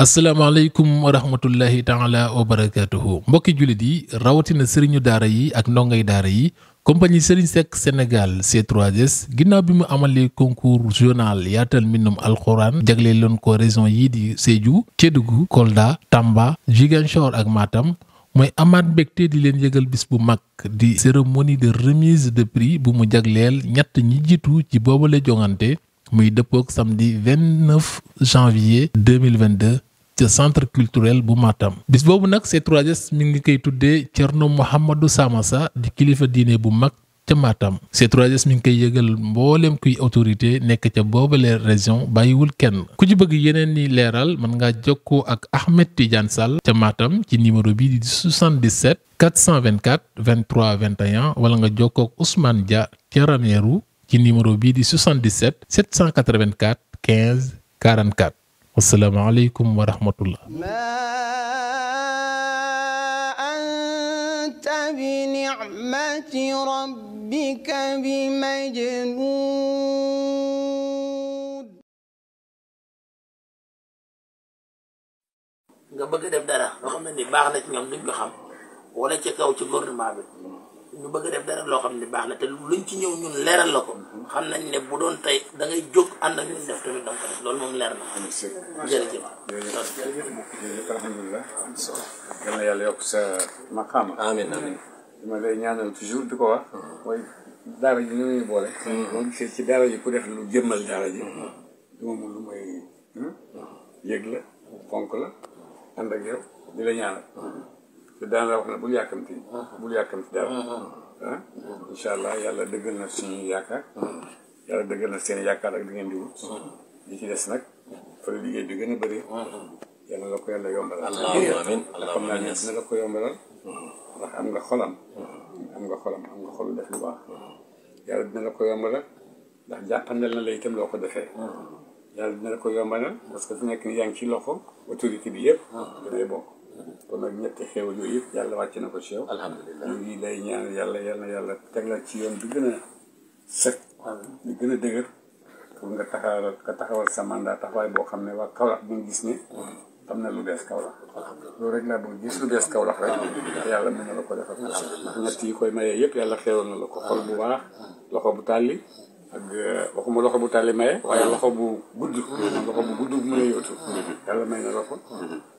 asalaamaaleykum wa rahmatullahi taala wa barakaatuhu mbokki jullit yi rawatina sëriñu daara yi ak ndongay daara yi compagnie Serigne Seck Sénégal C3S ginnaaw bi mu amalee concours journal yaatal mbindum alxuraan jagleel loon ko région yii di Sédhiou Kédougou Kolda Tamba Ziguinchor ak maatam mooy amaat mbégte di leen yëgal bis bu mag di cérémonie de remise de prix bu mu jagleel ñett ñi jiitu ci boobale jongante muy dëppook samedi 29 janvier 2022 ca centre culturel bu Matam bis boobu nag C3S mi ngi koy tuddee Thierno Mouhamadou Samassa di kilifa diine bu mag ca maatam C3S mi ngi koy yëgal mboolem kuy autorité nekk ca boobale région bàyyiwul kenn ku ci bëgg yeneen ni leeral mën ngaa jokkoo ak Ahmed Tidiane Sall ca maatam ci numéro bi di 77 424 23 21 wala nga jokkoo ak Ousmane Dia ca Ranérou ci numéro bii di 77 784 15 44 wasalaamaaleykum wa rahmatullah بنعمة ربك بمجنون nga bëgg def dara loo xam ne ni baax na ci ñoom duñ ko xam wala ci kaw ci gouvernement bi ñu bëgg def dara loo xam ne baax na te luñ ci ñëw ñun leeral la ko xam nañ ne bu doon tey da ngay jóg ànd ak ñun def tamit loolu moom leer na. jërëjëf jërëjëf alhamdulilah. yal na yàlla yokk sa maqaama. amiin amiin li ma lay ñaanal di ko wax. mooy daara boole. moom mm-hmm. gisee ci daara ji ku def lu jëmmal daara ji. duma mun lu may hmm? yëg la fonk la ànd ak yow di la ñaanal. Mm-hmm. te daan la wax ne bul yàkkamti. Mm-hmm. bul yàkkamti dara. ah incha allah yàlla dëggal na suñu yaakaar yàlla dëggal na seen yaakaar ak li ngeen di wut li ci des nag fa liggéey bi gën a bëri yàlla la ko yàlla yombalal xam naa ne dina la ko yombalal ndax am nga xolam am nga nga xolu yàlla dina ko yombalal ndax jàppandal na la itam loo ko defee yàlla dina la ko yombalal parce que fi nekk nii yaa ngi ci loxo autorité bi yëpp da bokk kon nag ñetti xew yooyu yëpp yàlla wàcc na ko ci yow. alhamdulilah ñu ngi ñaan yàlla yal na yàlla teg la ci yoon bi gën a gën a dëgër. nga taxawal taxawal sa mandat taxawaay boo xam ne waa Kaolack bu gis ne. am na lu bees Kaolack. loolu rek laa bëgg gis lu bees Kaolack rek. te yàlla ko defal. ndax koy maye yëpp yàlla xéewal na la ko. bu baax loxo bu tàlli. ak euh, waxuma loxo loxo bu gudd. loxo bu gudd bu mën mm-hmm. yàlla may na la ko. Mm-hmm.